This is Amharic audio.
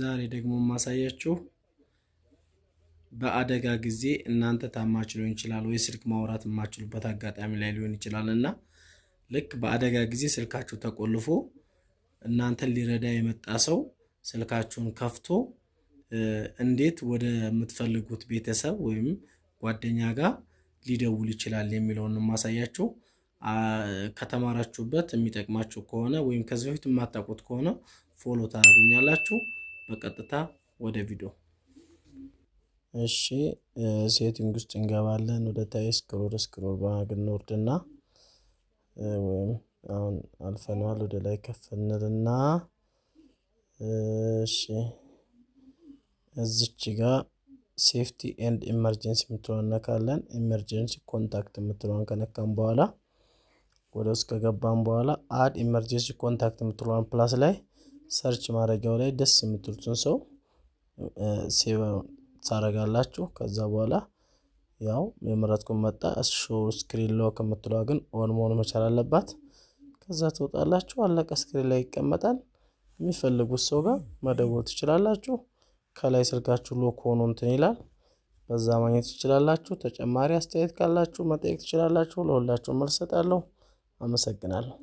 ዛሬ ደግሞ የማሳያችሁ በአደጋ ጊዜ እናንተ ታማች ሊሆን ይችላል ወይ ስልክ ማውራት የማችሉበት አጋጣሚ ላይ ሊሆን ይችላል እና ልክ በአደጋ ጊዜ ስልካችሁ ተቆልፎ እናንተን ሊረዳ የመጣ ሰው ስልካችሁን ከፍቶ እንዴት ወደ የምትፈልጉት ቤተሰብ ወይም ጓደኛ ጋር ሊደውል ይችላል የሚለውን የማሳያችሁ። ከተማራችሁበት የሚጠቅማችሁ ከሆነ ወይም ከዚህ በፊት የማታውቁት ከሆነ ፎሎ ታደርጉኛላችሁ። በቀጥታ ወደ ቪዲዮ እሺ፣ ሴቲንግ ውስጥ እንገባለን። ወደ ታይ ስክሮል ስክሮል በማድረግ እንወርድና ወይም አሁን አልፈነዋል። ወደ ላይ ከፍ እንልና እሺ፣ እዚች ጋ ሴፍቲ ኤንድ ኢመርጀንሲ የምትለዋን እነካለን። ኢመርጀንሲ ኮንታክት የምትለዋን ከነካም በኋላ ወደ ውስጥ ከገባም በኋላ አድ ኢመርጀንሲ ኮንታክት የምትለዋን ፕላስ ላይ ሰርች ማድረጊያው ላይ ደስ የምትሉትን ሰው ሴቭ ታደርጋላችሁ። ከዛ በኋላ ያው የምረጥኩን መጣ። እሱ ስክሪን ሎክ ከምትለዋ ግን ኦን መሆኑ መቻል አለባት። ከዛ ትወጣላችሁ። አለቀ። ስክሪን ላይ ይቀመጣል። የሚፈልጉት ሰው ጋር መደወል ትችላላችሁ። ከላይ ስልካችሁ ሎክ ሆኖ እንትን ይላል። በዛ ማግኘት ትችላላችሁ። ተጨማሪ አስተያየት ካላችሁ መጠየቅ ትችላላችሁ። ለሁላችሁ መልስ እሰጣለሁ። አመሰግናለሁ።